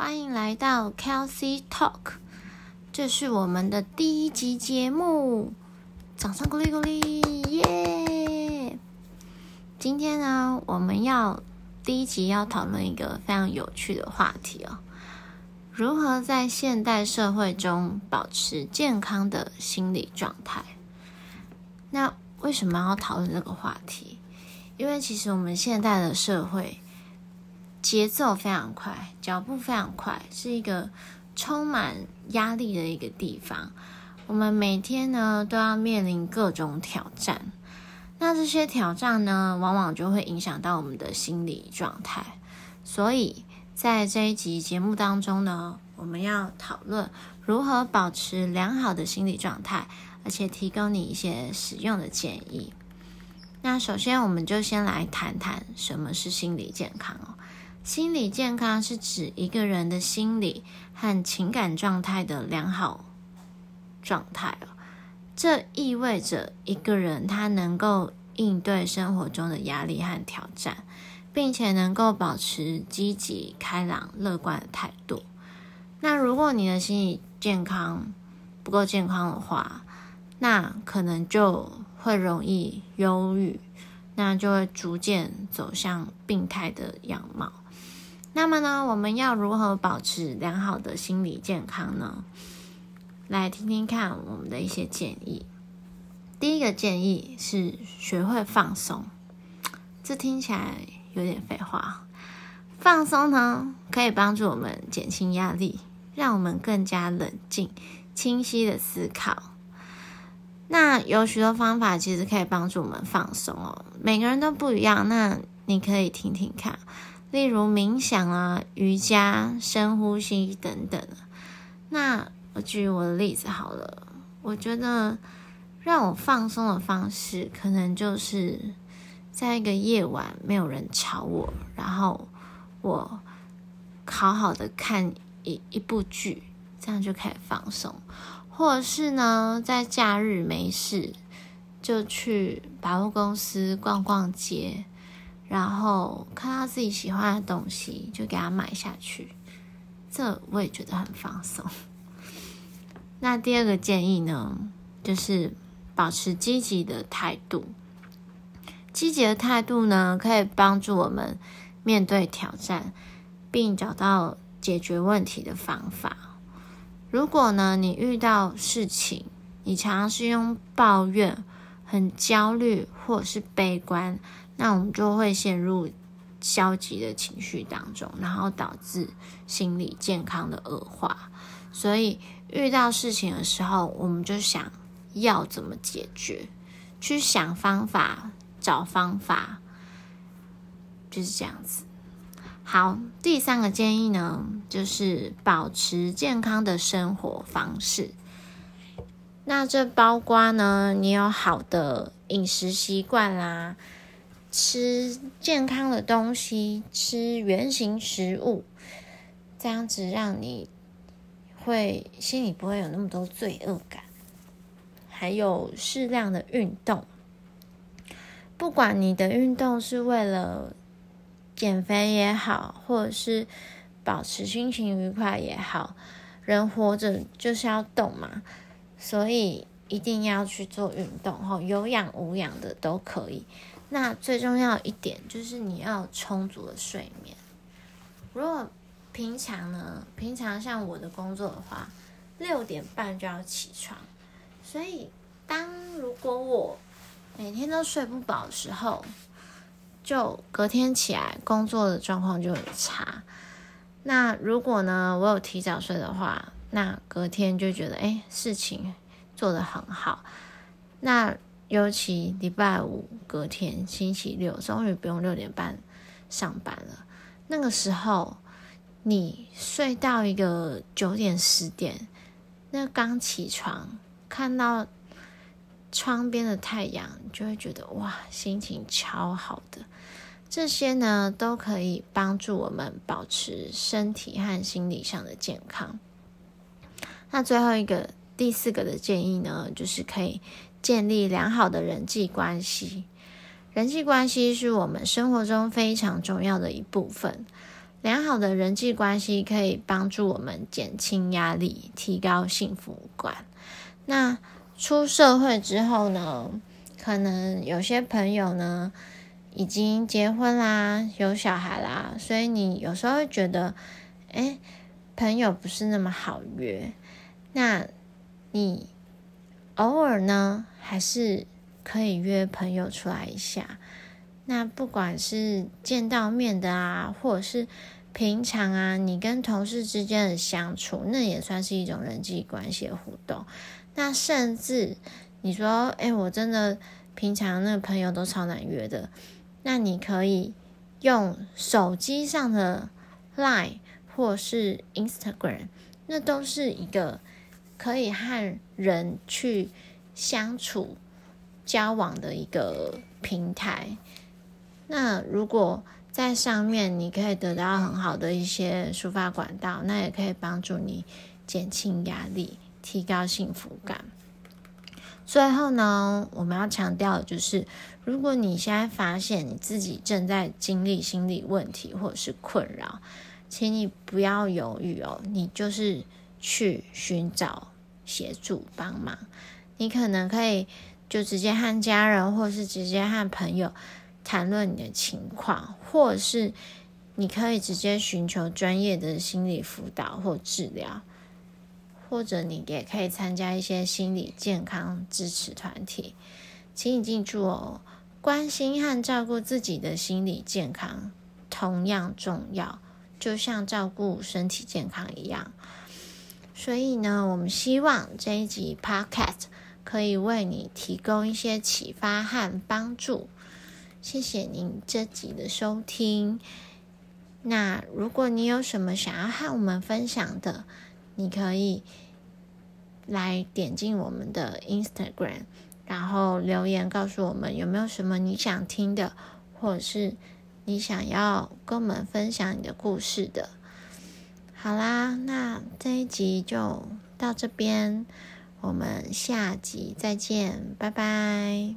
歡迎來到 Kelsey Talk，這是我們的第一集節目，掌聲鼓勵鼓勵，耶、yeah！今天呢，我們要第一集要討論一個非常有趣的話題哦，如何在現代社會中保持健康的心理狀態？那為什麼要討論這個話題？因為其實我們現代的社會。節奏非常快，腳步非常快，是一個充滿壓力的一個地方。我們每天呢都要面臨各種挑戰，那這些挑戰呢，往往就會影響到我們的心理狀態。所以在這一集節目當中呢，我們要討論如何保持良好的心理狀態，而且提供你一些實用的建議。那首先，我們就先來談談什麼是心理健康哦。心理健康是指一個人的心理和情感狀態的良好狀態哦。這意味着一個人他能夠應對生活中的壓力和挑戰，並且能夠保持積極、開朗、樂觀的態度。那如果你的心理健康不夠健康的話，那可能就會容易憂鬱，那就會逐漸走向病態的樣貌。那麼呢，我們要如何保持良好的心理健康呢？來聽聽看我們的一些建議。第一個建議是學會放鬆。這聽起來有點廢話。放鬆呢，可以幫助我們減輕壓力，讓我們更加冷靜、清晰的思考。那有許多方法其實可以幫助我們放鬆哦。每個人都不一樣，那你可以聽聽看。例如冥想啊、瑜伽、深呼吸等等。那我舉我的例子好了，我覺得讓我放鬆的方式，可能就是在一個夜晚沒有人吵我，然後我好好的看一一部劇，這樣就可以放鬆。或者是呢，在假日沒事，就去百貨公司逛逛街。然後看到自己喜歡的東西，就給他買下去，這我也覺得很放鬆。那第二個建議呢，就是保持積極的態度。積極的態度呢，可以幫助我們面對挑戰，並找到解決問題的方法。如果呢，你遇到事情，你常常是用抱怨、很焦慮或是悲觀。那我們就會陷入消極的情緒當中，然後導致心理健康的惡化。所以遇到事情的時候，我們就想要怎麼解決，去想方法，找方法，就是這樣子。好，第三個建議呢，就是保持健康的生活方式。那這包括呢，你有好的飲食習慣啦。吃健康的東西，吃原型食物，這樣子讓你會心裡不會有那麼多罪惡感。還有適量的運動，不管你的運動是為了減肥也好，或者是保持心情愉快也好，人活着就是要動嘛，所以一定要去做運動。吼，有氧無氧的都可以。那最重要一點就是你要充足的睡眠。如果平常呢，平常像我的工作的話，六點半就要起床，所以當如果我每天都睡不飽的時候，就隔天起來工作的狀況就很差。那如果呢，我有提早睡的話，那隔天就覺得哎、欸，事情做得很好。那。尤其禮拜五隔天星期六，終於不用六點半上班了。那個時候，你睡到一個九點十點，那剛起床看到窗邊的太陽，你就會覺得哇，心情超好的。這些呢，都可以幫助我們保持身體和心理上的健康。那最後一個。第四個的建議呢，就是可以建立良好的人際關係。人際關係是我們生活中非常重要的一部分。良好的人際關係可以幫助我們減輕壓力，提高幸福感。那出社會之後呢，可能有些朋友呢已經結婚啦，有小孩啦，所以你有時候會覺得，哎，朋友不是那麼好約。那你偶爾呢，還是可以約朋友出來一下。那不管是見到面的啊，或者是平常啊，你跟同事之間的相處，那也算是一種人際關係的互動。那甚至你說，哎、欸，我真的平常那朋友都超難約的，那你可以用手機上的 Line 或是 Instagram，那都是一個。可以和人去相處、交往的一個平台。那如果在上面，你可以得到很好的一些抒發管道，那也可以幫助你減輕壓力、提高幸福感。最後呢，我們要強調的就是，如果你現在發現你自己正在經歷心理問題或者是困擾，請你不要猶豫哦，你就是。去尋找協助幫忙，你可能可以就直接和家人，或是直接和朋友談論你的情況，或是你可以直接尋求專業的心理輔導或治療，或者你也可以參加一些心理健康支持團體。請你記住哦，關心和照顧自己的心理健康同樣重要，就像照顧身體健康一樣。所以呢，我們希望這一集 Podcast 可以為你提供一些啟發和幫助。謝謝您這集的收聽。那如果你有什麼想要和我們分享的，你可以來點進我們的 Instagram，然後留言告訴我們有沒有什麼你想聽的，或者是你想要跟我們分享你的故事的。好啦，那這一集就到這邊，我們下集再見，拜拜。